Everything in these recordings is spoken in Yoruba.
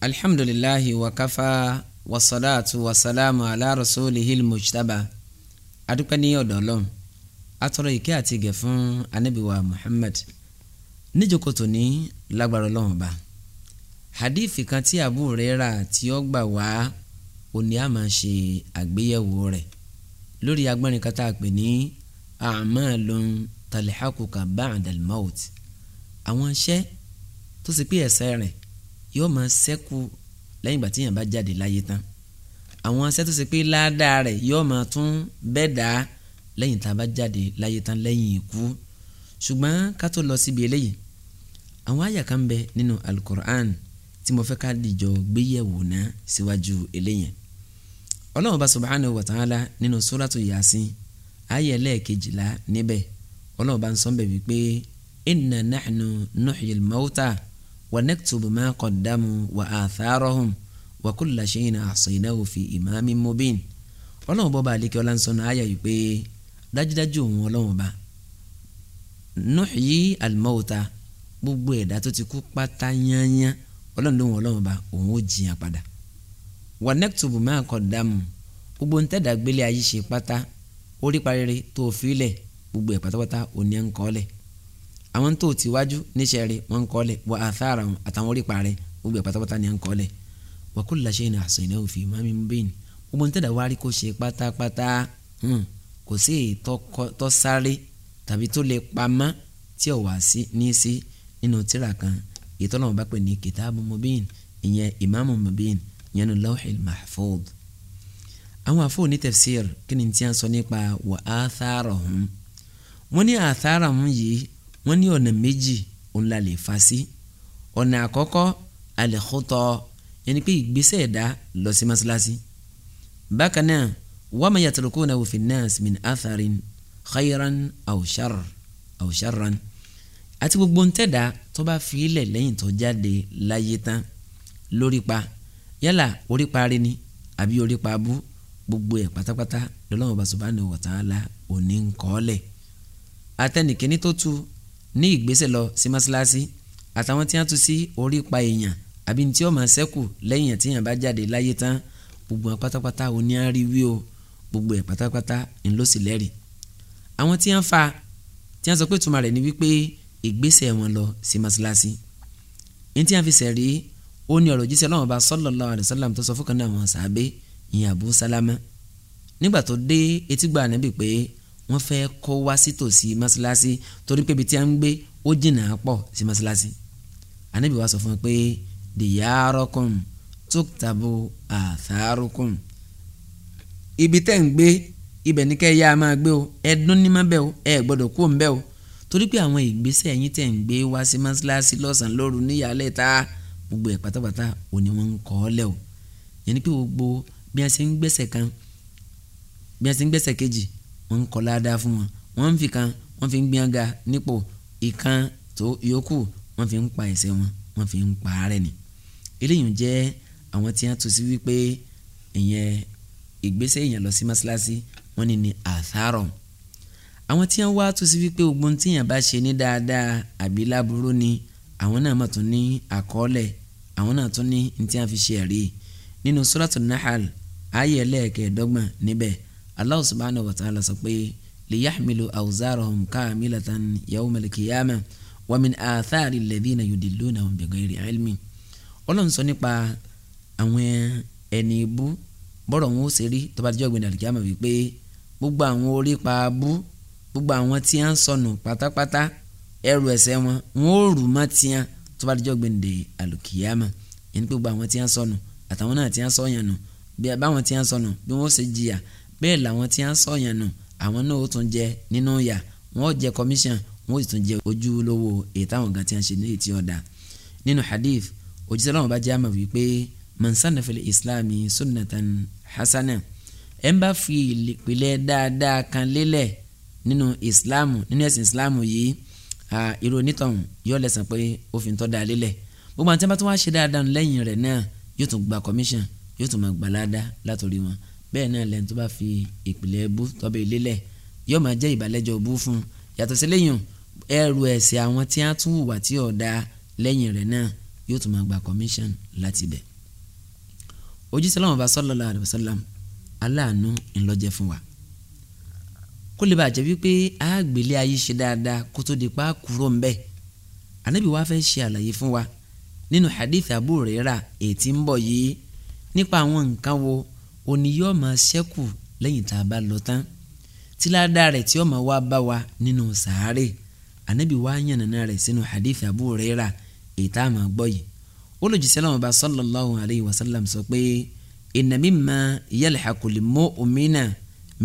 alhamdulilahi wakafa wasalaatu wasalaamu ala rasulihil mujtaba adúpẹ́ ní ọ̀dọ̀ Ọlọ́run atọrọ ìkẹ́ àti ìgẹ̀ fún anabiwa Muhammad níjókòtò ní lágbára Ọlọ́run ba hadithi kan tí Abu Huraira tí ó gbà wá òní a máa ṣe àgbéyẹ̀wò rẹ̀ lórí agbọ́nrin kan tá a a'malun talhaquka ba'dal maut àwọn iṣẹ́ tó sì pé ẹ̀ṣẹ̀ rẹ̀ yóò máa ṣẹ́kù lẹ́yìn ìgbà tí yàn bá jáde láyé tán àwọn iṣẹ́ tó ṣe pé ládàá rẹ̀ yóò máa tún bẹ́ẹ̀ dá lẹ́yìn tá a bá jáde láyé tán lẹ́yìn ikú ṣùgbọ́n ká tó lọ síbi eléyìí àwọn àyà kan bẹ nínú alukur'an tí mo fẹ́ ká dìjọ gbéyẹ̀wò náà síwájú eléyìí ọlọ́run bá subhanahu wa ta'ala nínú suratu yasin ayé ẹlẹ́ẹ̀kejìlá níbẹ̀ ọlọ́run bá ń sọ ń bẹ̀ wípé inna nahnu nuhyil mawta wa naktubu ma qaddamu wa atharahum wa kulla shay'in ahsaynahu fi imamin mubin ọlọ́run bọ́ba àlekè ọlánsọ́nà ayà yìí pé dájúdájú òun ọlọ́run bá nuhyi al-mauta gbogbo ẹ̀dá tó ti kú pátá yányán ọlọ́run lóhun ọlọ́run bá òun ó jiyàn padà wa naktubu ma qaddamu gbogbo ntẹ́dàgbélé ayé ṣe pátá orí parẹ́rẹ́ tó fi gbogbo ẹ̀ pátápátá òní ẹ̀ ń kọ́ àwọn tó ti wájú níṣẹ́ rẹ̀ wọ́n ń kọ́lẹ̀ wọ àtàrà wọn àtàwọn orí parẹ́ gbogbo ẹ̀ pátápátá ni à ń kọ́lẹ̀ wa kulla shay'in ahsaynahu fi imamin mubin gbogbo ní tẹ̀dá wárí kó ṣe pátápátá hmm, kò sí tó sáré tàbí tó lè pamọ́ tí ò wá sí ní sí nínú tírà kan ètò ọlọ́run bá pè ní kitabu mubin ìyẹn imamu mubin ìyẹn ní lawhil mahfud àwọn àfọ ní tafsir kí ni tí a sọ nípa wa atharahum wọ́n ní atharahum yìí wọ́n ní ọ̀nà méjì òun la lè fa sí ọ̀nà àkọ́kọ́ alẹ́kọ́tọ̀ ẹni pé ìgbésẹ̀ ẹ̀dá lọ sí mọ́ṣáláṣí bákan náà wọ́n máa yàtọ̀ kó náà òfin náà min atharin khayran aw shar aw sharran àti gbogbo ntẹ̀dá tó bá fi lẹ́yìn tó jáde láyé tán lórí pa yálà orí parí ni àbí orí pa bú gbogbo ẹ̀ pátápátá lọ́lọ́run Subhanahu wa ta'ala òní ń kọ́ atẹnikẹ́ni tó tu ní ìgbésẹ̀ lọ sí mọ́ṣáláṣí àtàwọn tí wọ́n tún sí orí pa èèyàn àbí tí ó máa ṣẹ́kù lẹ́yìn tí èèyàn bá jáde láyé tán gbogbo ẹ̀ pátápátá ò ní àárí o gbogbo ẹ̀ pátápátá ń lọ sí lẹ́rì àwọn tí wọ́n fa tí wọ́n sọ pé tuma rẹ̀ ni wípé ìgbésẹ̀ wọn lọ sí mọ́ṣáláṣí ní tí wọ́n fi sẹ̀rí ó ní ọ̀rọ̀ jíṣẹ́ Ọlọ́run bá sallallahu Salama nígbà tó dé etígbà Ànábì pé wọ́n fẹ́ kó wá sítòsí mọ́ṣáláṣí torí pé ibi tí a ń gbé ó jìnnà pọ̀ sí mọ́ṣáláṣí ànábì wa sọ fún un pé dìyàrọ́kùn tóktàbù àtàrùkùn ibi tẹ́ ń gbé ibẹ̀ ní kẹ́ ẹ a máa gbé o ẹdún ní má bẹ́ẹ̀ o ẹ gbọ́dọ̀ kú òun bẹ́ẹ̀ o torí pé àwọn ìgbésẹ̀ yín tẹ̀ ń gbé wá sí mọ́ṣáláṣí lọ́sàn-án lóru níyàlẹ́ ta gbogbo ẹ̀ pátápátá òní wọn ń kọ́ ọ lẹ́ yẹn ni pé gbogbo bí a ṣe ń gbẹ́sẹ̀ kan bí a ṣe ń gbẹ́sẹ̀ kejì wọ́n ń kọ́ ládàá fún wọn wọ́n ń fi kan wọ́n fi ń gbìyàn ga nípò ìkan tó yòókù wọ́n fi ń pa ẹ̀ṣẹ̀ wọn wọ́n fi ń pa àárẹ̀ ni eléyìí jẹ́ àwọn tí wọ́n tún sí wípé ìyẹn ìgbésẹ̀ èèyàn lọ sí mọ́ṣáláṣí wọ́n ní ní àtharọ̀ àwọn tí wọ́n wá tún sí wípé ogun tíyàn bá ṣe ní dáadáa àbí láburú ni àwọn náà mà tún ní àkọọ́lẹ̀ àwọn náà tún ní ní tí wọ́n fi ṣe ẹ̀rí nínú Suratul Nahl ayé ẹlẹ́ẹ̀kẹ́ẹ̀dọ́gbọ̀n níbẹ̀ Allah subhanahu wa ta'ala sọ pé liyahmilu awzarahum kamilatan yawmal qiyamah wa min athari alladhina yudillunahum bighayri ilmin ọlọ́run sọ nípa àwọn ẹni ibú bọ́rọ̀ wọn ó ṣe rí tó bá dijọ́ gbẹ̀dẹ̀ àlùkìyàmọ̀ wípé gbogbo àwọn orí pa abú gbogbo àwọn tí wọ́n sọnù pátápátá ẹrù ẹ̀ṣẹ̀ wọn wọn ò rù mọ́ tiẹ̀ tó bá dijọ́ gbẹ̀dẹ̀ àlùkìyàmọ̀ yẹn ni gbogbo àwọn tí wọ́n sọnù àtàwọn náà tí wọ́n sọyàn nù bẹ́ẹ̀ làwọn tí wọ́n sọ̀yàn nù àwọn náà ó tún jẹ nínú yà wọ́n ó jẹ commission wọ́n ó sì tún jẹ ojú lówó èyí táwọn gan tí wọ́n ṣe ní ètí ọ̀dà nínú hadith òjíṣẹ́ lọ́wọ́ bá jẹ́ àmọ̀ wípé mansanafili islami sunnatan hasana ẹ̀ ń bá fi ìpìlẹ̀ dáadáa kan lélẹ̀ nínú islamu nínú ẹ̀sìn islamu yìí irú onítọ̀hún yóò lẹ́sàn pé ó fi ń tọ́ da lélẹ̀ gbogbo àti ẹ̀ bá tún wá ṣe dáadáa lẹ́yìn rẹ̀ náà yóò tún gba commission yóò tún máa gbà ládàá látòrí wọn bẹ́ẹ̀ náà lẹ́nu tó bá fi ìpìlẹ̀ bú tọ́bẹ̀ lélẹ̀ yóò máa jẹ́ ìbálẹ́jọ́ bú fún un yàtọ̀ sí lẹ́yìn ẹrù ẹ̀sẹ̀ àwọn tí a tún hùwà tí ọ̀dà lẹ́yìn rẹ̀ náà yóò tún máa gba commission láti bẹ̀. Òjíṣẹ́ láwọn bá sallallahu alaihi wasallam aláàánú ńlọ́jẹ́ fún wa kó lè bàjẹ́ wípé àgbélé ayé ṣe dáadáa kó tó di pa kúrò ń bẹ̀ Ànábì wa fẹ́ ṣe àlàyé fún wa nínú hadith Abu ètí ń bọ̀ yìí nípa àwọn nǹkan wo òní yóò máa ṣẹ́kù lẹ́yìn tá a bá lọ tán tí ládàá rẹ̀ tí ó máa wá bá wa nínú sàárè ànábì wá yànnàná rẹ̀ sínú hadith Abu Huraira èyí tá a máa gbọ́ yìí olùjíṣẹ́ lọ́wọ́ bá sallallahu alayhi wa sallam sọ pé inna mimma yalhaqu lil mu'mina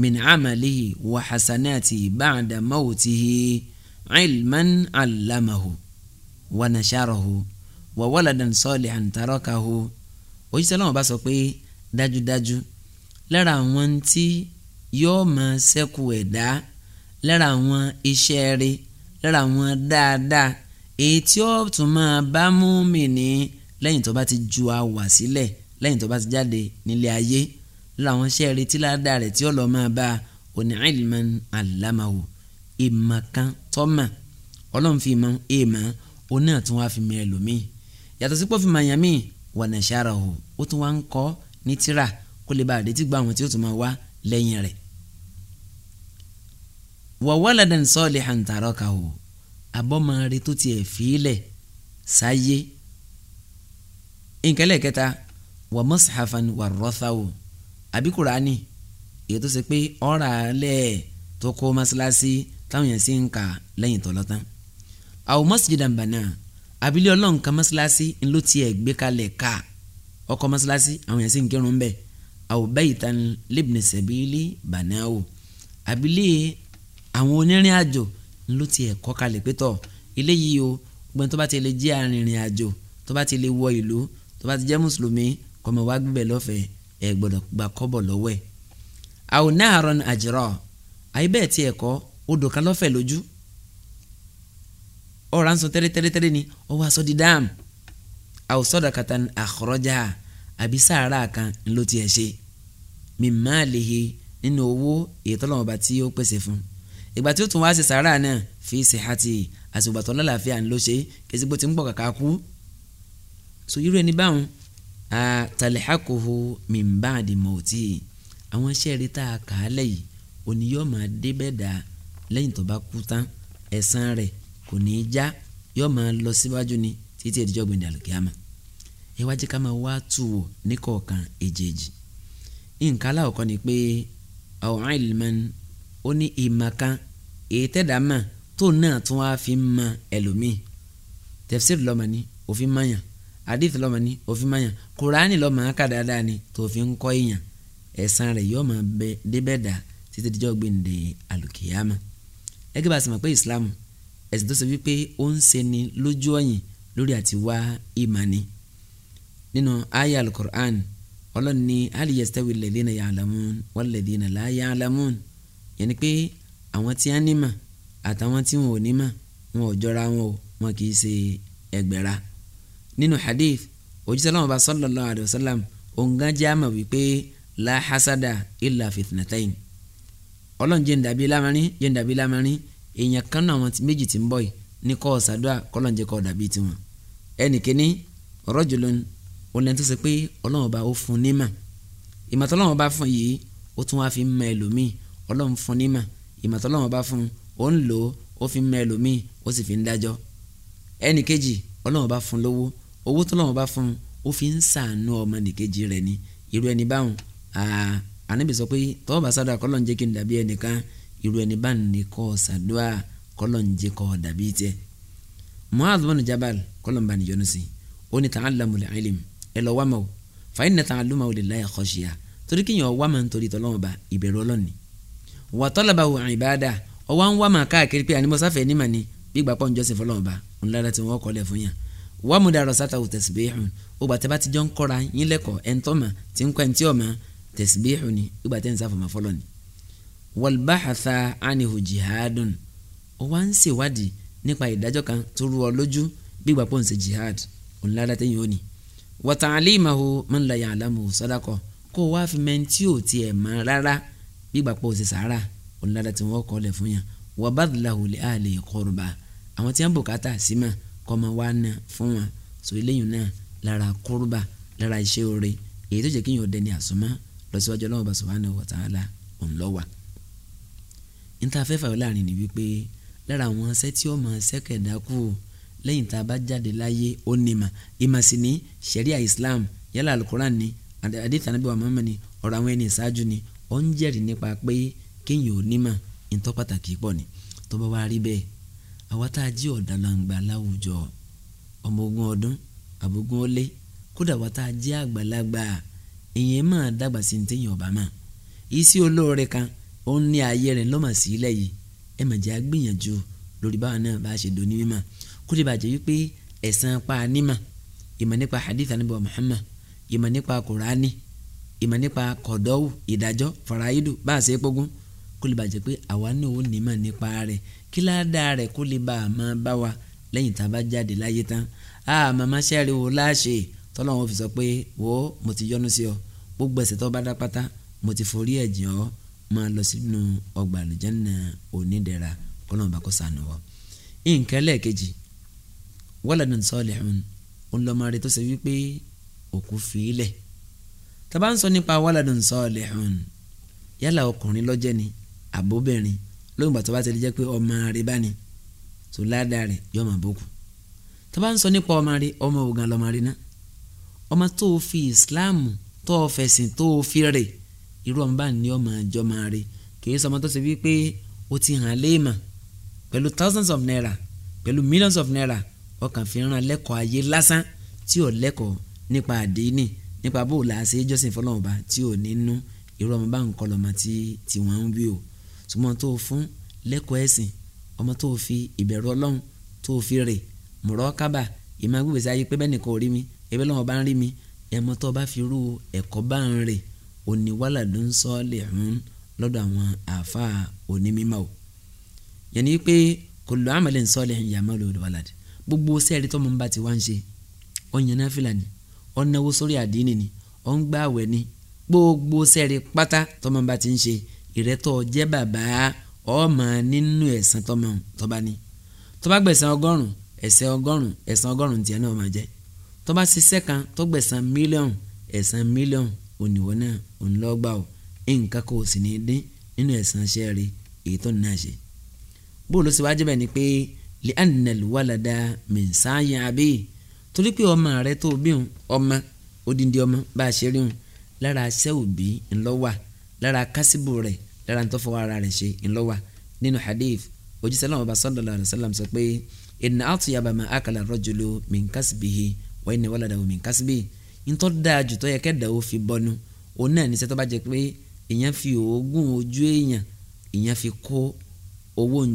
min amalihi wa hasanatihi ba'da mawtihi ilman 'allamahu wa nasharahu wa waladan salihan tarakahu òjíṣẹ́ lọ́wọ́ bá sọ pé dájúdájú lára àwọn tí yóò máa ṣẹ́kù ẹ̀dá lára àwọn iṣẹ́ rẹ̀ lára àwọn dáadáa èyí tí ó tún máa bá mú mi ní lẹ́yìn tó bá ti ju àwà sílẹ̀ lẹ́yìn tó bá ti jáde nílé ayé lára àwọn iṣẹ́ rẹ̀ tí ládàá rẹ̀ tí ó lọ máa bá oní ilman allamahu ìmọ̀ kan tọ́mà ọlọ́run fi mọ èèmọ̀ òun náà fi mọ ẹlòmíì yàtọ̀ sí pé ó fi mọ àyàn ó tún wá ń kọ́ ní tírà kó lè bá àdétí gba àwọn tí ó tún máa wá lẹ́yìn rẹ̀. wàwálàdàn sọ́ọ̀lì hàǹtàrọ̀ kà ó abọ́mọ̀rẹ́ tó tiẹ̀ fílẹ̀ sáyé. nkẹ́lẹ́ kẹta wà mọ́sàáfàn wà rọ́ṣà ó àbí kùránì èyí tó ṣe pé ọ̀rà lẹ̀ tó kó mọ́ṣáláṣí táwọn yẹn sì ń kà lẹ́yìn tọ́lọ́tán. àwọn mọ́sídìdàn bàná abilé ọlọ́run kan mọ́ṣáláṣí tiẹ̀ gbé kalẹ̀ ká ọkọ̀ mọ́ṣáláṣí àwọn yẹn sì ń kírun bẹ́ẹ̀ aw baytan libni sabili banawo abilé àwọn onírìn àjò ló tiẹ̀ kọ́ kalẹ̀ pé tọ̀ ilé yìí o gbọ́n tó bá ti lè jẹ́ arìnrìn àjò tó bá ti lè wọ ìlú tó bá ti jẹ́ mùsùlùmí kọ́mọ wá gbígbẹ́ lọ́fẹ̀ẹ́ ẹ̀ gbọ́dọ̀ gba kọ́bọ̀ lọ́wọ́ ẹ̀. àwọn náàrọ̀ ní àjẹrọ̀ àyè bẹ́ẹ̀ tiẹ̀ kọ́ odò kan lọ́fẹ̀ẹ́ lójú ọ̀rọ̀ à ń sọ tẹ́rẹ́tẹ́rẹ́tẹ́rẹ́ ni ó wá sọ di dáàmù àwòsọ̀dọ̀ kàtà àkọ́rọ́jà àbí sàárà kan ló tiẹ̀ ṣe min malihi nínú owó èyí tọ́lọ́mọ bá tí ó pèsè fún ìgbà tí ó tún wá ṣe sàárà náà fi ṣe àti àsìgbà tó lálàáfíà ń lọ ṣe kẹsí bó ti ń pọ̀ kàkà kú so irú ẹni báwọn àtàlẹ́hàkòhò min ba'di mauti àwọn iṣẹ́ rí tá a kà á lẹ́yìn òní yóò máa débẹ̀ dá lẹ́yìn tó bá kú tán ẹ̀san rẹ̀ kò ní í já yóò máa lọ síwájú ni títí ìdíjọ́ gbìndàlùkíyàmà ẹ wá jẹ́ ká máa wá tù wọ̀ níkọ̀ọ̀kan èjèèjì nǹkan aláwọ̀kọ́ ni pé ọ̀ràn ìlmọ̀n ó ní ìmọ̀kan èyí tẹ̀dá mà tó náà tún wá fi mọ ẹlòmíì tẹ̀fsírì lọ́mọ ni òfin mayàn àdìsí lọ́mọ ni òfin mayàn kùránì lọ́mọ ká dáadáa ni tó fi ń kọ́ èèyàn ẹ̀san rẹ̀ yóò máa bẹ débẹ̀ dà títí dijọ́ gbèǹde àlùkìyàmà ẹgbẹ́ bá a sì mọ̀ pé ìsìlámù ẹ̀sìn tó ṣe wípé ó ń ṣe ni lójú ọ̀yìn lórí àti wá ìmánì nínú àyá alukur'an ọlọ́run ní hal yastawi alladhina ya'lamun walladhina la ya'lamun yẹn ni pé àwọn tí a nímọ̀ àtàwọn tí wọn ò nímọ̀ wọn ò jọra wọn o wọn kì í ṣe ẹgbẹ̀ra nínú hadith òjíṣẹ́ náà bá sallallahu alayhi wa sallam òǹgá jẹ́ àmà wípé la hasada illa fitnatain ọlọ́run jẹ́ ǹdàbí lámarin jẹ́ ǹdàbí lámarin èèyàn kan náà àwọn méjì tí ń bọ̀ yìí ní kọ́ ọ̀sádùá kọ́lọ́njẹ́ kọ́ ọ̀dàbí tiwọn ẹnì kínní rajulun olùyẹn tó ṣe pé ọlọ́run ọba ó fún nímà ìmọ̀tọ́ ọlọ́run ọba fún yìí ó tún wá fi ń mọ ẹlòmíì ọlọ́run fún nímà ìmọ̀tọ́ ọlọ́run ọba fún ó ń lò ó fi ń mọ ẹlòmíì ó sì fi ń dájọ́ ẹnì kejì ọlọ́run ọba fún lówó owó tó ọlọ́run ọba fún ó fi ń sàánú ọmọ nìkejì rẹ̀ ni irú ẹni báwọn ànábì sọ pé tọ́wọ́ bá sádà kọ́lọ́ ń jẹ́ kí ń bá níjọ́nu sí i ó ní ta'allamul ilm ẹ lọ wá ma o fàyín nàta àlùmọ̀ òlè láyà kọ́ṣíà torí kéèyàn wá ma nítorí tọ́lọ́wọ́n ba ìbẹ̀rù ọlọ́ni wà tọ́lọ́ba wò ìbáadà ọwọ́ ń wá ma káàkiri pé ànímọ́sáfẹ́ níma ni bí gbà pọ́n jọ́sìn fọlọ́wọ́n ba ńlára tí wọ́n kọ́lẹ̀ fún yàn wà mú darọ̀ sátà wò tẹ̀síbíhùn ó gbàtẹ́ bá ti jọ ń kọ́ra yín lẹ́kọ̀ọ́ ẹ̀ ń tọ́mà tí ń kọ́ ẹ̀ ń tí ọ̀mà tẹ̀síbíhùn ni ó gbàtẹ́ wa ta'limahu man la ya'lamu sadaqa kó o wá fi mẹ́ntì ò tiẹ̀ mọ́ rárá gbígbà pọ̀ òsì sàárà onílàdà tí wọ́n kọ́ lẹ̀ fún yàn wa badlahu li ahli qurba àwọn tí wọ́n bùkátà símà kọ́ máa wá ná fún wọn so eléyìí náà lára kúrúbà lára iṣẹ́ oore èyí tó jẹ́ kí yóò dẹni àsomá lọ́síwájú ọlọ́wọ́ subhanahu ni wípé lára àwọn ṣẹ́ lẹ́yìn tá a bá jáde láyé ó ní ma ìmọ̀ sí ni ṣẹ̀ríà Islam yálà alukoran ni àdìtà níbi wà mọ́mọ́ ni ọ̀rọ̀ àwọn ẹni ìṣáájú ni ó ń jẹ́rìí nípa pé kéèyàn ò ní mà ìtọ́ pàtàkì pọ̀ ni tó bá wá rí bẹ́ẹ̀ àwa tá a jí ọ̀dàlàǹgbà láwùjọ ọmọ ogun ọdún àbógun ó lé kódà wa tá a jí àgbàlagbà èèyàn máa dàgbà sí ní téèyàn ọ̀bà máa iṣẹ́ olóore kan ó ní ayé rẹ̀ lọ́mọ̀ sílẹ̀ yìí ẹ mà jẹ́ lórí báwa náà bá a ṣe do ní mímọ́ kó lè bàjẹ́ wípé ẹ̀sán pa nímà ìmọ̀ nípa hadith anabi wa muhammad ìmọ̀ nípa kùránì ìmọ̀ nípa kọ̀dọ́wù ìdájọ́ faraidu bá a ṣe é pógún kó lè bàjẹ́ pé àwa náà ó nímọ̀ nípa rẹ̀ kí ládà rẹ̀ kó lè bá a máa bá wa lẹ́yìn tá a bá jáde láyé tán a màmá sẹ́ẹ̀rì wo láṣẹ tọ́lọ́wọ́n fi sọ pé wo mo ti yọ́nú sí ọ gbogbo ẹ̀ṣẹ̀ tó bá dá pátá mo ti forí ẹ̀ jìn máa lọ sínú ọgbà àlùjánnà onídẹ̀ra kọ́lọ́mùbá kó sànù wọ́ nǹkan lẹ́ẹ̀kejì waladun salihun ńlọmọdé tó ṣe wípé òkú fìlẹ̀ tàbá ń sọ nípa waladun salihun yálà ọkùnrin lọ́jẹ́ ni àbóbìnrin lóyún bàtọ́ bá ti lè jẹ́ pé ọmọ rẹ bá ní tó ládàá rẹ yọ ọmọ àbókù tàbá ń sọ nípa ọmọ rẹ ọmọ ògàn lọmọ rẹ náà ọmọ tó o fi Islam tó o fẹ̀sìn tó o fi rè irú ọmọ bá ní ọmọ àjọ máa rè kìí sọmọ tó ṣe wípé o ti hàn léèmà pẹ̀lú thousands of naira pẹ̀lú millions of naira ọkàn fi ràn lẹ́kọ̀ọ́ ayé lásán tí ò lẹ́kọ̀ọ́ nípa àdéhìnì nípa bó la ṣe jọ́sìn fọlọ́run bá tí ò ní nú irú ọmọ bá ń kọ́ lọ́mọ tí tí wọ́n ń bí o ṣùgbọ́n tó fún lẹ́kọ̀ọ́ ẹ̀sìn ọmọ tó fi ìbẹ̀rù ọlọ́run tó fi rè mọ̀rọ́ kábà ìmọ̀ agbègbèsí ayé pé bẹ́ẹ̀ni kò rí mi ẹbẹ́ lọ́wọ́ bá ń rí mi ẹ̀mọ́ tó bá fi rú ẹ̀kọ́ bá ń rè òní wàhálà ló ń sọ lè rún lọ́dọ̀ àwọn àáfàá òní yẹn ni pé kò lọ́ àmàlẹ́ ń sọ lè ń yàmọ́ lòdì wàhálà gbogbo sẹ́ẹ̀rí tọ́mọ ń bá ti wá ń ṣe ọ̀yàn náfìlà ni ọ̀nàwó sórí àdínì ni ọ̀ngbàwẹ̀ ni gbogbo sẹ́ẹ̀rí pátá tọ́mọ ń bá ti ń ṣe ìrẹ́tọ̀ jẹ́ bàbá ọmọ nínú ẹ̀san tọ́mọ tọ́ba ni tọ́ba gbẹ̀san ọgọ́rùn ẹ̀san ọgọ́rùn ẹ̀san ọgọ́rùn tiẹ̀ náà máa jẹ́ tọ́ba ṣiṣẹ́ kan tó gbẹ̀san mílíọ̀nù ẹ̀san mílíọ̀nù òníwọ́ náà ònlọ́gbà ò nǹkan kò sì ní dín nínú ẹ̀san ṣẹ́ẹ̀rí èyí tó ní náà ṣe bóòlù síwájú bẹ́ẹ̀ ni pé lè ànàlù wàlàdà mẹ̀nsáyà àbí torí pé ọmọ rẹ tó bí òun ọmọ odindi ọmọ bá a ṣe rí òun lára aṣẹ́ òbí ńlọ́wà lára kásìbò rẹ̀ lára ń tọ́fọ́ ara rẹ̀ ṣe ńlọ́wà nínú hadith òjíṣẹ́ láwọn ọba sallallahu alaihi wasallam sọ pé ìnà àtúnyàbà máa àkàlà rọ́jòló mìǹkásìbìhì wọ́n ìnà wàlàdà mìǹkásìbìhì ntọ́ dáa jù tọ́ yẹ kẹ́dà ó fi bọ́nu òun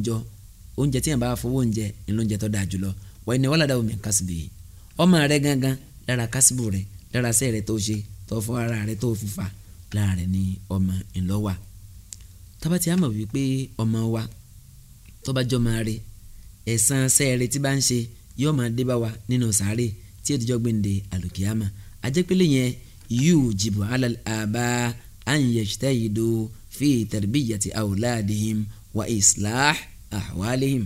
náà ní oúnjẹ tí yẹn bá fowó oúnjẹ ni lóúnjẹ tó dáa jùlọ wọ́n ní wọ́lá dáwọ́ mi kásìbì ọmọ rẹ gangan lára kásìbù rẹ lára sẹ́ rẹ tó ṣe tó fọ́ ara rẹ tó fi fà lára rẹ ní ọmọ ńlọ́wà tábàtì àmọ̀ wípé ọmọ wa tó bá jọ máa rí ẹ̀san sẹ́ rẹ tí bá ń ṣe yóò máa dé bá wa nínú sàárè tí ètò ìjọgbìnde àlùkìyàmà àjẹpẹ́lẹ́ yẹn yóò jìbọ̀ àbá àyìnyẹ̀ṣítẹ́ yìí do fi tarbiyati awladihim wa islah ahwalihim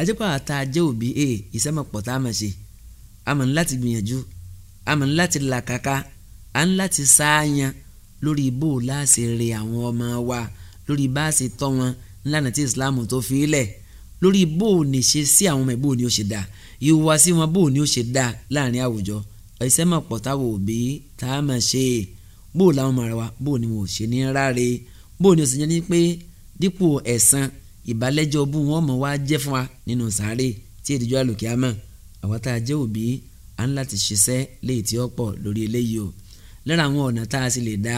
àjẹpọ̀ àtàjẹ́ òbí ẹ̀ e, ìsẹ́mọ̀pọ̀ tá a mọ̀ ṣe àmọ̀ ní láti gbìyànjú àmọ̀ ní láti làkàkà à ń láti sáàyàn lórí bó o láṣẹ rè àwọn ọmọ wa lórí bá a ṣe tọ́ wọn ńlànà tí ìsìláàmù tó fi lẹ̀ lórí bó o ní ṣe sí àwọn ọmọ ẹ̀ bó o ní o ṣe dáa ìhùwà sí wọn bó o ní o ṣe dáa láàrin àwùjọ ìsẹ́mọ̀pọ̀ táwọn òbí tá a mọ̀ ṣe bó o làwọn ọmọ rẹ wa bó o ní wọn ṣe ní ráre bó o ní o sì ní pé dípò ẹ̀san ìbálẹ́jọ́ bú wọn mọ̀ wá jẹ́ fún wa nínú sáré tí èdèjọ́ àlùkìyàmọ̀ àwa tá a jẹ́ òbí à ń láti ṣiṣẹ́ léyìí tí ó pọ̀ lórí eléyìí o lára àwọn ọ̀nà tá a sì lè dá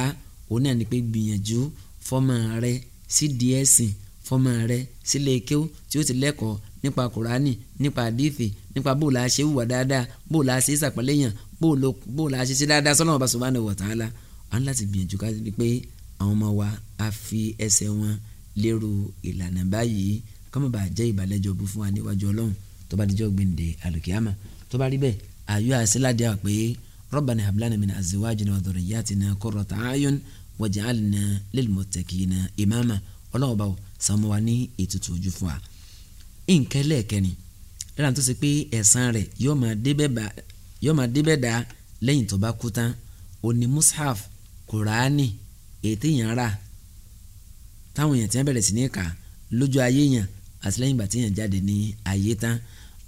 òun náà ni pé gbìyànjú fọ́mọ rẹ sí díẹ̀ sìn fọ́mọ rẹ sílé kéw tí ó ti lẹ́kọ̀ọ́ nípa kùránì nípa àdìfì nípa bóòlù àṣẹ wùwà dáadáa bóòlù àṣẹ ìsàpẹ́lẹ́yìn bóòlù àṣẹ sí dáadáa sọ́nà ọba subhanahu wa ta'ala à ń láti gbìyànjú ká rí i pé àwọn ọmọ wa á fi ẹsẹ̀ wọn lérò ìlànà báyìí kọ́mọ̀ bá jẹ́ ìbàlẹ́jọ́ bú fún wa níwájú ọlọ́run tó bá dijọ́ gbèǹde àlùkìyàmà tó bá rí bẹ́ẹ̀ àyọ̀ àṣìláde àpè Rabbana hablana min azwajina wa dhurriyyatina qurrata a'yun waj'alna lilmuttaqina imama ọlọ́run bá wò sàmú wa ní ètùtù ojú fún wa. nǹkan lẹ́ẹ̀kẹ́ni lára tó ṣe pé ẹ̀san rẹ̀ yóò máa débẹ̀ dá lẹ́yìn tó bá kú tán òní mushaf táwọn èèyàn ti ń bẹ̀rẹ̀ sí ní kà lójú ayé yàn àti lẹ́yìn ìgbà tí èèyàn jáde ní ayé tán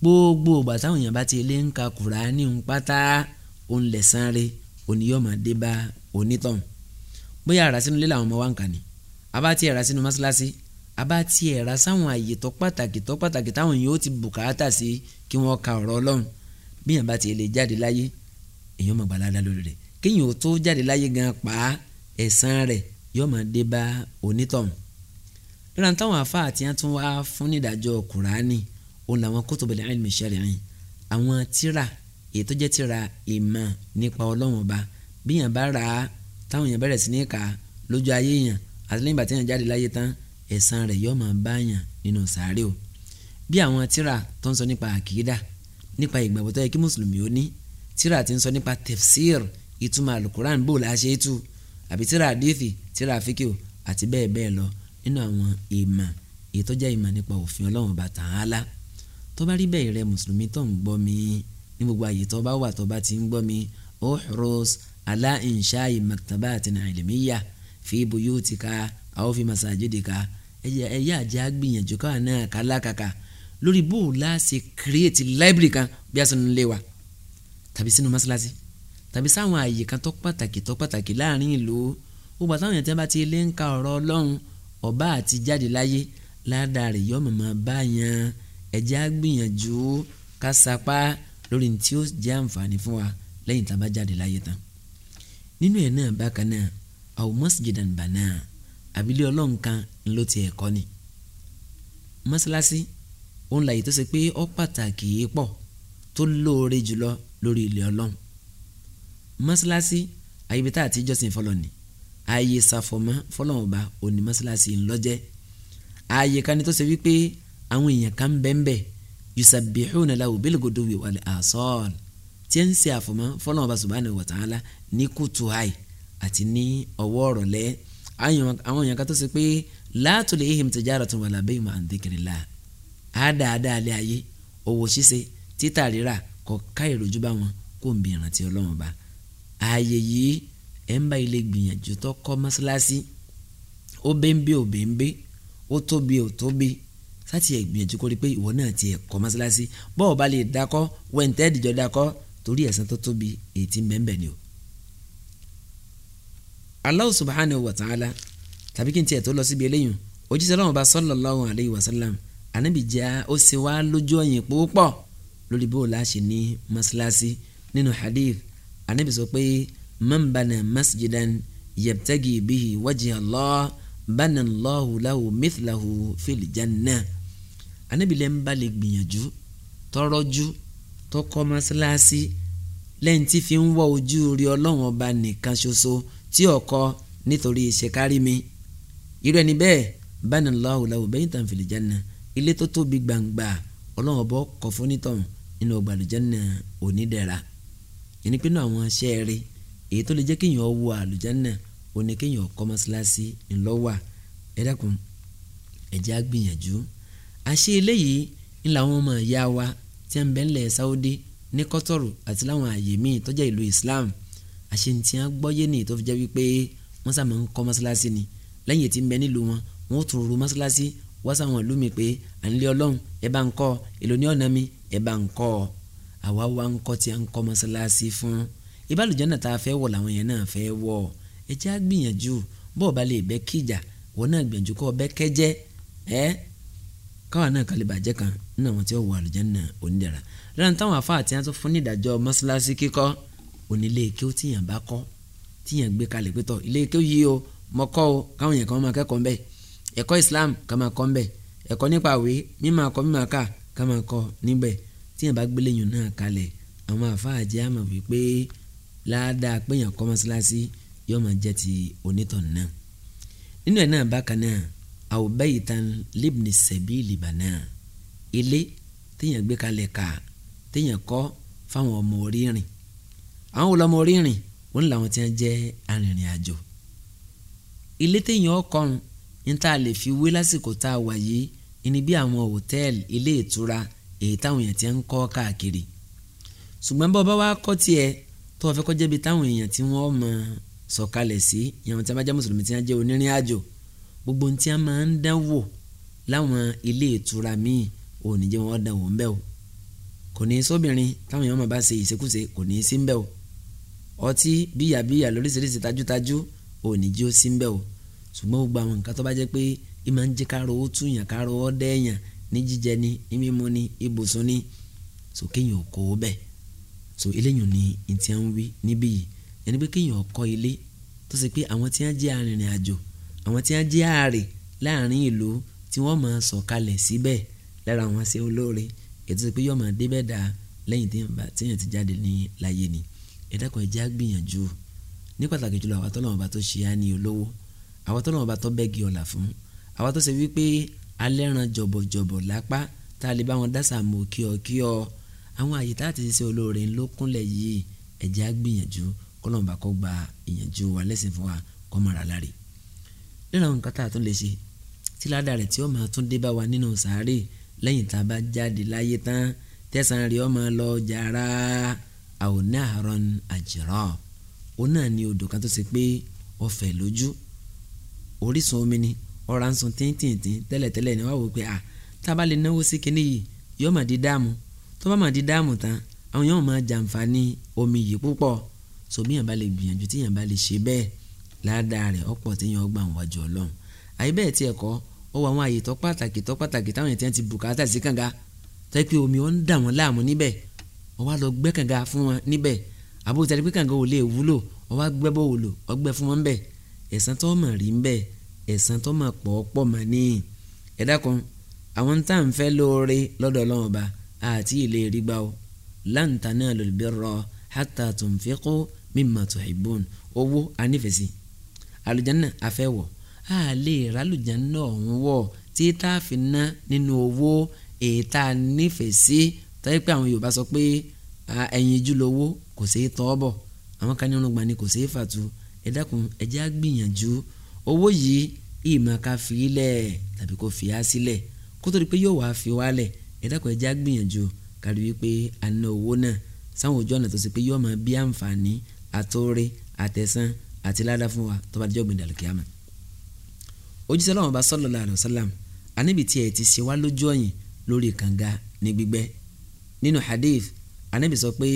gbogbo ìgbà táwọn èèyàn bá ti lé ń ka Kùránì ń pátá òun lẹ̀ sáré òní yóò máa dé bá onítọ̀hún bóyá ara sínú ilé làwọn ọmọ wa ń kà ní abá ti ẹ̀ra sínú mọ́ṣáláṣí abá ti ẹ̀ra sáwọn àyè tó pàtàkì tó pàtàkì táwọn yóò ti bùkátà sí kí wọ́n ka ọ̀rọ̀ Ọlọ́run bí èèyàn bá ti lè jáde láyé èèyàn máa gbà lórí rẹ̀ kéèyàn ò tó jáde láyé gan pa ẹ̀san rẹ̀ yóò máa dé bá onítọ̀hún lọ́la táwọn afa àti yẹn tún wá fún nídàájọ́ kùránì òun làwọn kutubul ilmi shar'i àwọn tíra èyí tó jẹ́ tíra ìmọ̀ nípa ọlọ́run ọba bí yàn bá rà á táwọn yàn bẹ̀rẹ̀ sí ní kà á lójú ayé yàn àtìlẹ́yìn bàtí yàn jáde láyé tán ẹ̀san rẹ̀ yóò máa bá yàn nínú sàárè o bí àwọn tíra tó ń sọ nípa àkìdá nípa ìgbàgbọ́ yẹ kí mùsùlùmí ó ní tíra tí ń sọ nípa tafsir ìtumọ̀ alukuran bò láṣẹ tú àbí tíra àdìsí tíra àfikì o àti bẹ́ẹ̀ bẹ́ẹ̀ lọ nínú àwọn ìmọ̀ èyí tó jẹ́ ìmọ̀ nípa òfin ọlọ́run bá Ta'ala tó bá rí bẹ́ẹ̀ rẹ mùsùlùmí tó ń gbọ́ mi ní gbogbo àyè tó bá wà tó bá ti ń gbọ́ mi uhrus ala insha'i maktabatin ilmiyya fi buyutika aw fi masajidika ẹ̀yà àjẹ́ àgbìyànjú káwọn náà kálákàkà lórí bóòlù láti create library kan bí a sọ nílé wa tàbí sínú mọ́ṣáláṣí tàbí sáwọn àyè kan tó pàtàkì tó pàtàkì láàrin ìlú ó gbà táwọn èèyàn tí wọ́n bá ti lé ń ka ọ̀rọ̀ Ọlọ́run ọba àti jáde láyé ládàá rẹ̀ yọ mọ̀mọ́ báyàn ẹ̀jẹ̀ á gbìyànjú ká sapá lórí ní tí ó jẹ́ àǹfààní fún wa lẹ́yìn tá a bá jáde láyé tán nínú ẹ̀ náà bákan náà aw masjidan bana àbílẹ̀ Ọlọ́run kan ló ti ẹ̀kọ́ ni mọ́sálásí òun làyè tó ṣe pé ó pàtàkì pọ̀ tó lóore jùlọ lórí ilẹ̀ Ọlọ́run mọ́sálásí àyèbí tá àti ìjọsìn fọlọ́ ni ààyè ṣàfọ̀mọ́ fọlọ́ ọba òní mọ́sálásí ńlọ́jẹ́ ààyè kan ní tó ṣe wípé àwọn èèyàn kan bẹ́ẹ̀nbẹ́ẹ̀ yusabbihuna lahu bilguduwi wal asal tí ń ṣe àfọ̀mọ́ fọlọ́ ọba subhanahu wa ta'ala ní kùtù àì àti ní ọwọ́ rọ̀lẹ́ àwọn èèyàn kan tó ṣe pé láàtò lè hìm tijaratun wala bay'un an dhikrillah àádáadáa lé ayé òwò ṣíṣe títà rírà kọ̀ ká ìròjú bá wọn kó ń bí ìrántí ọlọ́run bá ààyè yìí ẹ̀ ń bá ilé gbìyànjú tó kọ́ mọ́ṣáláṣí ó bẹ́ńbé ò bẹ́ńbé ó tóbi ò tóbi sáti ẹ̀ gbìyànjú kó rí pé ìwọ náà ti ẹ̀ kọ́ mọ́ṣáláṣí bọ́ọ̀ bá lè dakọ́ wẹ̀ǹtẹ́ ìdìjọ́ dakọ́ torí ẹ̀san tó tóbi èyí tí mẹ́ńbẹ̀ ni o. Allah subhanahu wa ta'ala tàbí kí n tiẹ̀ tó lọ síbi eléyìí òjíṣẹ́ Ọlọ́run bá sallallahu alayhi wa sallam ànábì jẹ́ ó sì wá lójú hadith anabi sọ pé man bana masjidan yabtagi bihi wajhi Allah bana Allahu lahu mithlahu fil janna anabi lẹ́nu bá lè gbìyànjú tọrọjú tó kọ́ mọ́sálásí lẹ́yìn tí fi ń wọ ojú rí ọlọ́run ọba nìkan ṣoṣo tí ọkọ nítorí iṣẹ́ kárí mi irú ẹni bẹ́ẹ̀ bana Allahu lahu baytan fil janna ilé tó tóbi gbangba ọlọ́run ọba kọ́ fún nítọ̀hún nínú ọgbàlùjẹ́ náà onídẹ̀ra ẹni pé nínú àwọn iṣẹ́ rẹ̀ èyí tó lè jẹ́ kéèyàn wọ àlùjánnà ó ní kéèyàn kọ́ mọ́ṣáláṣí ńlọ́wà ẹ dákun ẹ á gbìyànjú àṣé eléyìí ń làwọn ọmọ ìyá wa tí ń bẹ ńlẹ̀ Saudi ní kọ́tọ̀rù àti láwọn àyè míì tó ìlú Islam àṣé ń tiẹ́ gbọ́yé nìyí tó wípé wọ́n sàmọ́ ń kọ́ mọ́ṣáláṣí ni lẹ́yìn tí ń bẹ nílùú wọn wọ́n ó tún ru mọ́ṣáláṣí wọ́n sàwọn ìlú mi pé à ń lé ọlọ́run ẹ bá ń kọ́ èlò ní ọ̀nà mi ẹ bá ń kọ́ ọ àwa wa ń kọ́ tí a ń kọ́ mọ́sálásí fún ìbálòjọ́ náà tá a fẹ́ wọ̀ làwọn yẹn náà fẹ́ wọ̀ ẹ jẹ́ á gbìyànjú bọ́ọ̀ bá lè bẹ́ kíjà wọ́n náà gbìyànjú kọ́ bẹ́ kẹ́jẹ́ ẹ́ káwa náà kálí bàjẹ́ kan nínú àwọn tí ó wọ àlùjánnà onídàra lọ́nà táwọn afá àti àtúntò fún nídàjọ́ mọ́sálásí kíkọ́ onílé kí ó tìyàn bá kọ́ tìyàn gbé kalẹ̀ pétọ́ ilé kí ó yí o mọ kọ́ o káwọn yẹn kan máa kẹ́kọ̀ọ́ ńbẹ̀ ẹ̀kọ́ Islam ká máa kọ́ ńbẹ̀ ẹ̀kọ́ nípa àwé mímọ̀ akọ́ mímọ̀ ká ká máa kọ́ níbẹ̀ tí yẹn bá gbélé yùn náà kalẹ̀ àwọn àfáàjẹ́ àmọ̀ wípé ládàá péyàn kọ́ mọ́ṣáláṣí yóò máa jẹ́ ti onítọ̀n náà nínú ẹ̀ náà bákan náà àwòbẹ́yìí tán libni sẹ̀bí libana ilé téèyàn gbé kalẹ̀ ká téèyàn kọ́ fáwọn ọmọ orí rìn àwọn wo lọmọ orí rìn wọn ní làwọn tí wọn jẹ́ arìnrìn àjò ilé téèyàn ọkọrun ní tá a lè fi wé lásìkò tá a wà yìí ní bí àwọn hòtẹ́ẹ̀lì ilé ìtura èyí táwọn èèyàn ti ń kọ́ káàkiri ṣùgbọ́n bá ọba wa kọ́ tiẹ̀ tó ọ̀fẹ́ kọjá ibi táwọn èèyàn tí wọ́n mọ sọ̀kalẹ̀ sí ìyàwó tí a bá jẹ́ mùsùlùmí tí wọ́n jẹ́ onírìn àjò gbogbo ohun tí a máa ń dán wò láwọn ilé ìtura míì ò ní jẹ́ wọ́n dán wò ń bẹ̀ o kò ní sóbìnrin táwọn èèyàn máa bá ṣe ìṣekúṣe kò ní sí ń bẹ̀ o ọtí bíyà lóríṣiríṣi tajútajú ò ní jẹ́ ó sí ń bẹ̀ o ṣùgbọ́n gbogbo àwọn nǹkan tó bá jẹ́ pé ìmọ̀ ń jẹ́ káàró ó túyàn káàró ó dẹ́yàn ní jíjẹ ni ní mímu ni ibùsùn ni so kéèyàn kó bẹ́ẹ̀ so eléyìí ni ìtì à ń wí níbí yìí ẹni pé kéèyàn kọ́ ilé tó ṣe pé àwọn tí wọ́n jẹ́ arìnrìn àjò àwọn tí wọ́n jẹ́ ààrẹ láàrin ìlú tí wọ́n máa sọ̀kalẹ̀ síbẹ̀ lára àwọn ṣe olóore ètò ìpè yóò máa débẹ̀ dá lẹ́yìn téèyàn ti jáde ní láyé ni ẹ dákun á gbìyànjú ní pàtàkì jùlọ àwọn tọ́lọ́mọba tó ṣe á ní olówó àwọn tọ́lọ́mọba tó bẹ́gi ọ̀là fún àwọn tó ṣe wípé alẹ́ran jọ̀bọ̀jọ̀bọ̀ lápá tá a lè bá wọn dásà mọ̀ kí ọ kí ọ àwọn àyè tá a ti ṣe olóore ńlọkúnlẹ̀ yìí ẹ̀jẹ̀ á gbìyànjú kọ́lọ́mbà kọ́ gba ìyànjú wa lẹ́sìn fún wa kọ́ mara láre nínú àwọn nǹkan tá a tún lè ṣe tí ládàá rẹ̀ tí ó máa tún dé bá wa nínú sàárè lẹ́yìn tá a bá jáde láyé tán tẹ̀sán rẹ̀ ó máa lọ jàrá àwọn náàrọ̀ àjẹrọ̀ òun náà ni odò kan tó ṣe pé ó fẹ̀ lójú orísun omi ni ọ̀rá ń sun tíntìntín tẹ́lẹ̀tẹ́lẹ̀ ni wàá wò pé à tá a bá lè náwó sí kinní yìí yóò mà di dáàmú tó bá mà di dáàmú tán àwọn yóò máa jàǹfààní omi yìí púpọ̀ so bíyàn bá lè gbìyànjú tíyàn bá lè ṣe bẹ́ẹ̀ ládàá rẹ̀ ọ̀pọ̀ tíyàn ọgbà ń wájú ọlọ́run àyè bẹ́ẹ̀ tiẹ̀ kọ́ ó wọ àwọn àyè tó pàtàkì tó pàtàkì táwọn èèyàn ti bùkátà sí kànga tẹ́ pé omi ọ̀ ń dà wọ́n láàmú níbẹ̀ ó wá lọ gbẹ́ kànga fún wọn níbẹ̀ àbúrò tẹ́lẹ̀ pé kànga ò lè wúlò ó wá gbẹ́ bó wúlò ó gbẹ́ fún wọn níbẹ̀ ẹ̀san tó mọ̀ rí níbẹ̀ ẹ̀san tó máa pọ̀ pọ̀ mà ní ẹ dákun àwọn tá à ń fẹ́ lóore lọ́dọ̀ ọlọ́run ọba àti ilé rígbà o láǹtà náà lòlùbẹ́ rọ hátà tó ń fi kó mímà tó ìbòn owó anífẹ̀sí àlùjáná àfẹ́wọ̀ a lè rà àlùjáná ọ̀hún wọ̀ tí fi ná nínú owó èyí tá a pé àwọn Yorùbá sọ pé ẹ̀yìn ojú lówó kò sí tọ́ bọ̀ àwọn kan ní irun gbani kò sí fàtú ẹ dákun ẹ á gbìyànjú owó yìí ìmọ̀ ká fi í lẹ̀ tàbí kó fi á sílẹ̀ kó tó di pé yóò wá fi wá lẹ̀ ẹ dákun ẹ já gbìyànjú kárí wípé a ná owó náà sáwọn ojú ọ̀nà tó ṣe pé yóò máa bí àǹfààní àtòrè àtẹ̀sán àti ládàá fún wa tó bá dijọ́ gbìn dàlùkì àmà. Òjíṣẹ́ Ọlọ́run bá sallallahu alaihi wasallam anábì tí ti ṣe wá lójú ọ̀yìn lórí kànga ní gbígbẹ́ nínú hadith anábì sọ pé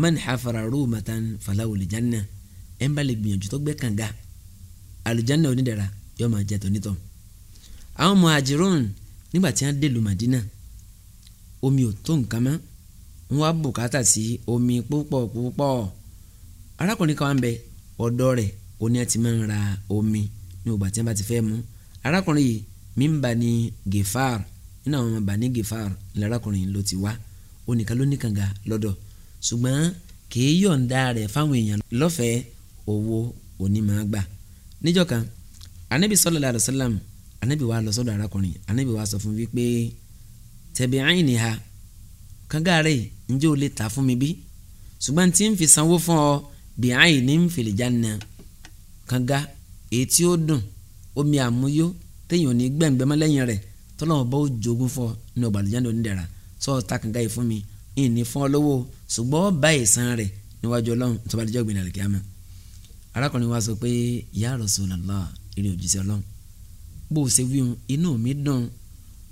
man hafara rúùmọ̀tàn falahu lìjánná ẹ̀ ń bá lè gbìyànjú tó gbẹ́ kànga alijanna onídẹ̀ra yóò máa jẹ tónítọ̀ àwọn muhajirun nígbà tí wọ́n dé lu Madina omi ò tó nǹkan mọ́ wọ́n wá bùkátà sí omi púpọ̀ púpọ̀ arákùnrin kan wà ń bẹ ọ̀dọ̀ rẹ̀ oní ẹ̀ ti máa ń ra omi ní ọgbà tí wọ́n bá ti fẹ́ mu arákùnrin yìí mímba ní gefar, nínú àwọn ọmọ Bani Gifar lárákùnrin yìí ló ti wá oníkan ló ní kànga lọ́dọ̀ ṣùgbọ́n kì í yọ̀ǹda rẹ̀ fáwọn èèyàn lọ́fẹ̀ẹ́ owó onímọ̀ àgbà níjọ́ kan anabi sallallahu alaihi wasallam anabi wa lọ sọ́dọ̀ arákùnrin anabi wa sọ fún mi pé tẹ̀bí àyìn ni ha kangare ǹjẹ́ o lè ta fún mi bí ṣùgbọ́n tí n fi sanwó fún ọ bí àyìn ní fil janna kanga èyí tí dùn omi àmúyó téèyàn ò ní gbẹ̀ngbẹ́ mọ́ lẹ́yìn rẹ̀ tọ́lọ́wọ́ bá ó jogún fún ọ ní ọgbà àlùjáde onídẹ̀ra sọ ta kanga yìí fún mi ìní fún ọ lówó ṣùgbọ́n báyìí san rẹ̀ níwájú ọlọ́run tó bá dijọ́ gbìyànjú kíámẹ́ arákùnrin wa sọ pé ya Rasulullah eré òjíṣẹ́ ọlọ́run bó o ṣe wíhun inú mi dùn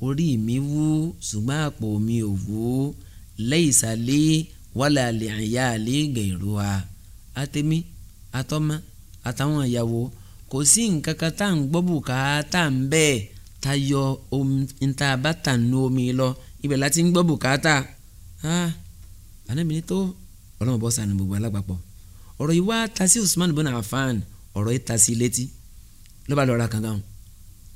orí mi wú ṣùgbọ́n àpò mi ò wú laysa li wala li ayali gairuha àtẹ̀mí àtọ́mọ́ àtàwọn ìyàwó kò sí nǹkan kan tá à ń gbọ́ bùkátà ń bẹ́ẹ̀ tayọ níta bá tà nù omi lọ ibẹ̀ láti ń gbọ́ bùkátà. anábìíní ah, tó ọlọ́run bọ́ sànù gbogbo alápapọ̀ ọ̀rọ̀ yìí wá ta sí Usman ibn Affan ọ̀rọ̀ yìí ta sí létí ló bá lọ ra kankan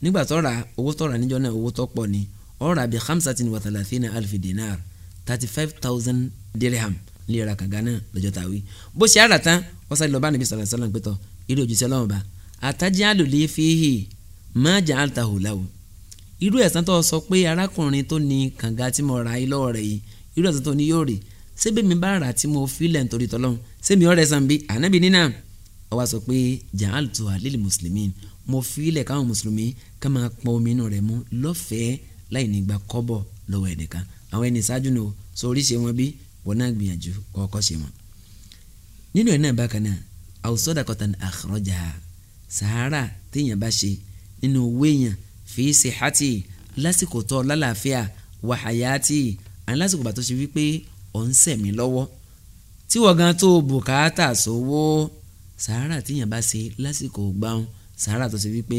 nígbà tó ra owó tó ra níjọ́ náà owó tó pọ̀ ni ó ra bí hamsatin wa thalathina alfi dinar thirty five thousand dirham lè ra kankan náà lọ́jọ́ tàwí bó ṣe ara tán ó sáré lọ bá níbi sọ̀rọ̀ sọ́lá pẹ́tọ́ irú òjúṣe ọlọ́run bá àtàjẹ́ àlòlé fihì má jà àlùtà hùláwò irú ẹ̀sán tó sọ pé arákùnrin tó ní kànga tí mo ra ilé ọ̀rẹ́ yìí irú ẹ̀sán tó ní yóò rèé sebe mi bá rà tí mo filẹ̀ nítorí tọ́lọ́run ṣebí ọ̀rẹ́ san bí ànábì nínà ó wá sọ pé ja'altu àlílì mùsùlùmí mo filẹ̀ káwọn mùsùlùmí ká máa pọn omi inú rẹ̀ mú lọ́fẹ̀ẹ́ láì ní gba kọ́bọ̀ lọ́wọ́ ẹnìkan àwọn ẹni ṣáájú ni o sọ orí ṣe wọn bí wọn náà gbìyànjú kọ́kọ́ ṣe wọn. nínú ẹ̀ náà bákan náà aw sadaqatan akhrajaha sàárà téèyàn bá ṣe nínú owó èèyàn fi sihati lásìkò tó lálàáfíà wa hayati àní bàtọ́ ṣe wípé ò ń sẹ̀mí lọ́wọ́ tí wọ́n gan tó bùkátà sówó sàárà tíyàn bá ṣe lásìkò gbáhùn sàárà tó ṣe wípé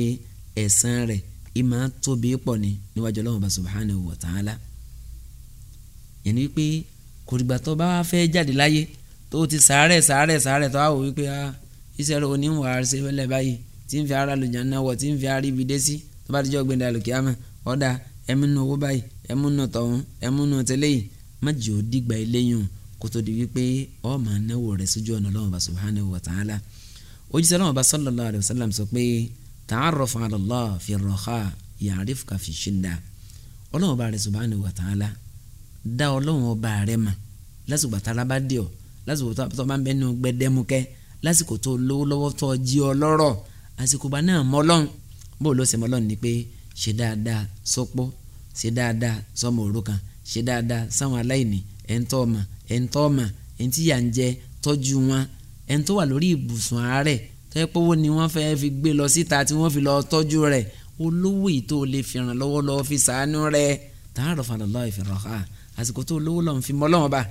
ẹ̀san rẹ̀ ìmọ̀ tóbi pọ̀ ni níwájú ọlọ́run bá subhanahu wa ta'ala yẹn ni wípé kò dìgbà tó bá wá fẹ́ jáde láyé tó ti sàárẹ̀ sàárẹ̀ sàárẹ̀ tó wá wò wípé ah iṣẹ́ rẹ̀ oníwà ṣe fẹ́lẹ̀ báyìí tí ń fi ara lu jàǹdà wọ̀ tí ń fi ara ibi dé sí tó bá dijọ́ gbẹ̀dẹ̀ àlùkìyàmọ̀ ọ̀dà ẹ̀mú nù owó báyìí ẹ̀mú nù tọ̀hún ẹ̀mú nù tẹ́lẹ̀ má jẹ́ ó dìgbà eléyìn kó tó di wípé ọ máa náwó rẹ̀ sójú ọ̀nà Ọlọ́run bá subhanahu wa ta'ala òjíṣẹ́ Ọlọ́run bá sallallahu alayhi wa sallam sọ pé ta'arraf ala Allah fi r-rakha ya'rifka fi shidda Ọlọ́run bá rẹ̀ subhanahu wa ta'ala dá Ọlọ́run ọba rẹ̀ mà lásìkò tára bá dì ọ́ lásìkò tó bá ń bẹ́ẹ̀ nù gbẹdẹmukẹ́ lásìkò tó lówó lọ́wọ́ tó jí ọ lọ́rọ̀ àsìkò bá náà mọ́lọ́n bó ló ṣe mọ́lọ́n ni pé ṣe dáadáa sọ́pọ́ ṣe dáadáa sọ́mọ òrukàn ṣe dáadáa sáwọn aláìní ẹ̀ńtọ́ ọmọ ẹ̀ńtọ́ ọmọ ẹ̀ńtí yà ń jẹ tọ́jú wọn ẹ̀ńtọ́ wà lórí ibùsùn àárẹ̀ tẹ́ pọ́wọ́ ni wọ́n fẹ́ fi gbé lọ síta tí wọ́n fi lọ tọ́jú rẹ̀ olówó yìí tó lè fi ràn lọ́wọ́ lọ́wọ́ fi sàánú rẹ̀ tààrọ̀ fàlọ́lọ́ ìfẹ̀rọ̀ha àsìkò tó olówó lọ́wọ́ fi mọ́ lọ́wọ́ bá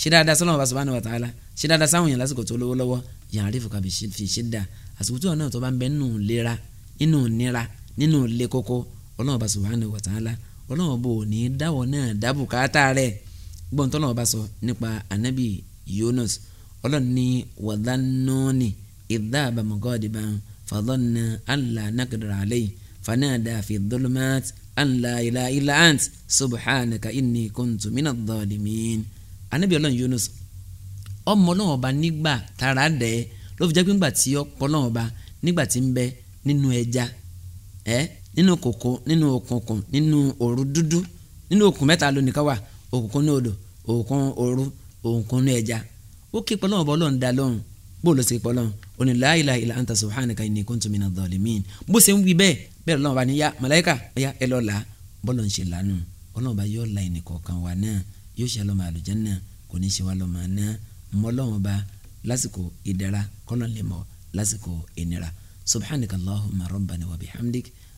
ṣe dáadáa sọ́lọ́wọ́ bá subhanahu wa ta'ala ṣe dáadáa sáwọn èèyàn lásìkò tó olówó lọ́wọ́ yàrá ìfọ̀kà fi ṣe dá àsìkò tó náà tó bá ń bẹ nínú ìlera nínú ìnira nínú ilé ọlọ́wọ́ bá subhanahu wa ta'ala ọlọ́run bò ní dáwọ̀ náà dábò káàtà rẹ̀ gbọ́n tọ́lọ́ ọba sọ nípa anabi Yunus ọlọ́run ní wàdánùní ìdá àbàmọ́gọ́dìbà fàdọ́nà allah nàkàdàrà àlẹ́yìn fanada fi dulumat allah ilà ilà ant subhanaka inni kuntu mina dhalimin anabi ọlọ́run Yunus ọmọ ọlọ́run ọba nígbà tara dẹ̀ ló fi jẹ́ pé ńgbà tí ọpọlọ́run ọba nígbà tí ń bẹ nínú ẹja ẹ́ eh? nínú kòkó nínú òkùnkùn nínú òru dúdú nínú òkùnkùn mẹ́ta ló nìkan wà òkùnkùn ní odò òkùnkùn òru òkùnkùn ní ẹja ó kí pọlọ́wọ́ bọ́ lọ́n da lọ́hùn bó ló ṣe pọlọ́hùn òní la ilaha illa anta subhanaka inni kuntu minaz zalimin bó ṣe ń wí bẹ́ẹ̀ bẹ́ẹ̀ lọ́wọ́ bá ní ya màláíkà ya ẹ lọ́ọ́ la bọ́lọ̀ ń ṣe lánàá ọlọ́wọ́ bá yọ la ẹnìkọ̀ọ̀kan wa náà yóò ṣe alọ́mọ àlùjánnà kò ní ṣe wa lọ́mọ subhanaka allahumma rabbana wa bihamdik